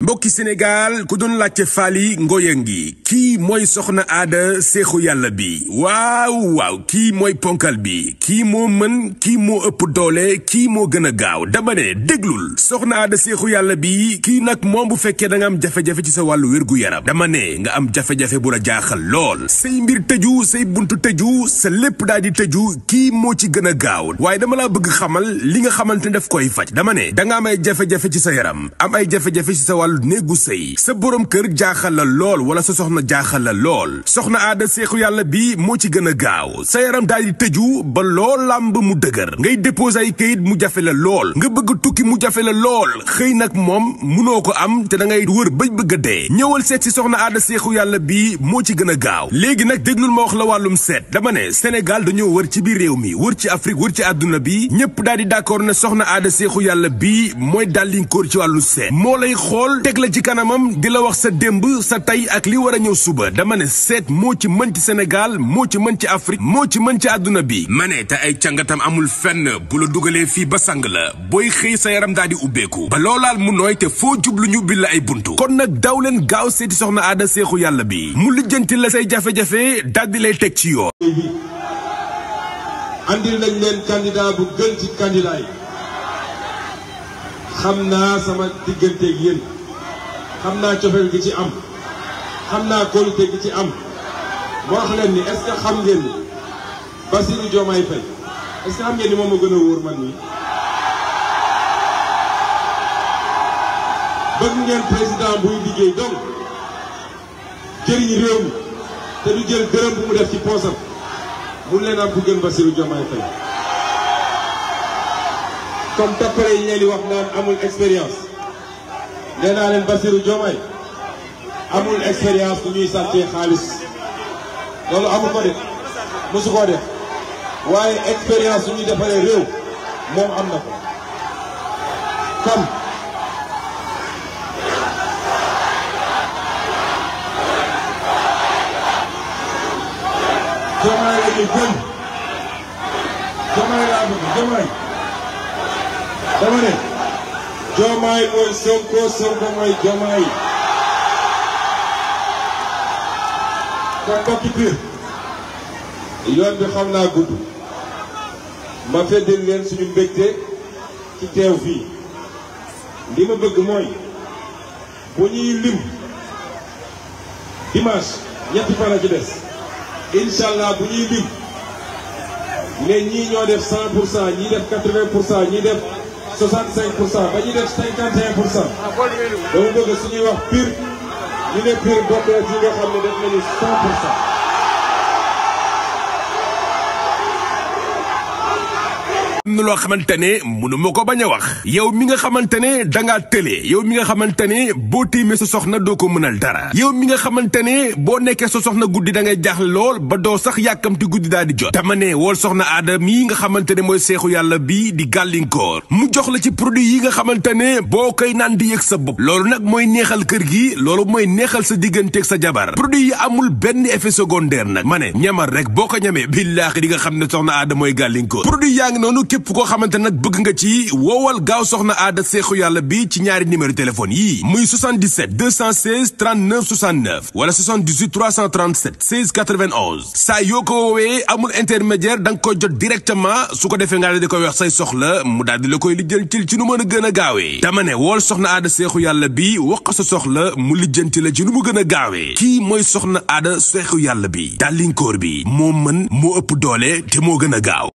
mbokki sénégal ku doon laajte faali ngoya ngi kii mooy soxna aada seexu yàlla bi waaw waaw kii mooy ponkal bi kii moo mën kii moo ëpp doole kii moo gën a gaaw dama ne déglul soxna aada seexu yàlla bi kii nag moom bu fekkee da nga am jafe-jafe sa wàllu wér dama ne nga am jafe bu la jaaxal lool say mbir tëju say buntu tëju sa lépp daal di tëju kii moo ci gën a gaaw waaye dama laa bëgg xamal li nga xamante ne daf koy faj dama ne da nga am ay jafe-jafe ci sa yaram am ay jafe-jafe ci sa wàllu néegu sëy sa boroom kër jaaxal la lool wala sa soxna jaaxal la lool soxna aada seexu yàlla bi moo ci gën a gaaw sa yaram daal di tëju ba loo làmb mu dëgër ngay déposer ay kayit mu jafe la lool nga bëgg tukki mu jafe la lool xëy nag moom munoo ko am te da ngay wër bëj bëgg dee ñëwal seet si soxna aada seexu yàlla bi moo ci gën a gaaw léegi nag déglul ma wax la wàllum seet dama ne Sénégal dañoo wër ci biir réew mi wër ci Afrique wër ci àdduna bi ñëpp daal di d'accord ne soxna aada yàlla bi mooy dàllin ci wàllu seet lool teg la ci kanamam di la wax sa démb sa tey ak li war a ñëw suba dama seet moo ci mën ci moo ci mën ci Afrique moo ci mën ci àdduna bi ma ne ay càngatam amul fenn bu dugalee fii ba sang booy xëy sa yaram ba loolaal mu nooy foo jublu ñu bi ay buntu kon nag daw leen gaaw seeti soxna aada seexu yàlla bi mu lijjanti la say jafe-jafe daal di lay teg ci yoon andil nañ leen candidat bu gën ci candidat yi xam naa sama digganteeg yéen xam naa cofeel gi ci am xam naa kóolute gi ci am wax leen ni est-ce que xam ngeen ni Bassirou Diomaye Faye xam ngeen ni moom a gën a wóor man nii bëgg ngeen président buy liggéey donc jëriñ réew mi te du jël gërëm bu mu def ci poosam mun leen am ku gën Bassirou Diomaye Faye comme tappale yi ñu leen wax naan amul expérience nee naa leen Bassirou Diomaye amul expérience bu ñuy sàccee loolu amu ko de mosu koo def waaye expérience bu ñuy defaree réew moom am na ko kon Diomaye la ñu gën Diomaye mooy Sonko Sonko mooy Diomaye kon mbokki Pire yoon bi xam naa gudd ma feddal leen suñu mbégte ci teew fii li ma bëgg mooy bu ñuy lim dimanche ñetti fan a ci des incha bu ñuy lim ne ñii ñoo def 100 pour cent ñii def pour cent ñii def. 65 pour cent ba ñu def 51 pour cent dama bëgg suñuy wax pur ñu ne pur bokk na ci nga xam ne def nañu 100 pour cent. na loo xamante ne mënu ma ko bañ a wax yow mi nga xamante ne dangaa tëlee yow mi nga xamante ne boo tiimee sa soxna doo ko mënal dara yow mi nga xamante ne boo nekkee sa soxna guddi da ngay jaaxle lool ba doo sax yàkkamti daal di jot dama ne wool soxna aada mi nga xamante ne mooy seexu yàlla bi di gàllinkoor mu jox la ci produit yi nga xamante ne boo koy naan di yëg sa bopp loolu nag mooy neexal kër gi loolu mooy neexal sa digganteeg sa jabar produit yi amul benn effet secondaire nag ma ne ñamal rek boo ko ñamee billaahi di nga xam ne soxna aada mooy gàllinkoor produit yaa ngi noonu képp képp koo xamante nag bëgg nga ci woowal gaaw soxna aada seexu yàlla bi ci ñaari numéro téléphone yi muy 77 216 39 69 wala 78 yoo ko woowee amul intermédiaire da nga koy jot directement su ko defee nga la di koy wax say soxla mu daal di la koy lijjantil ci nu mën a gën a gaawee dama wool soxna aada seexu yàlla bi wax ko sa soxla mu lijjanti la ci nu gën a gaawee kii mooy soxna aada seexu yàlla bi dàllinkoor bi moo mën moo ëpp doole te moo gën a gaaw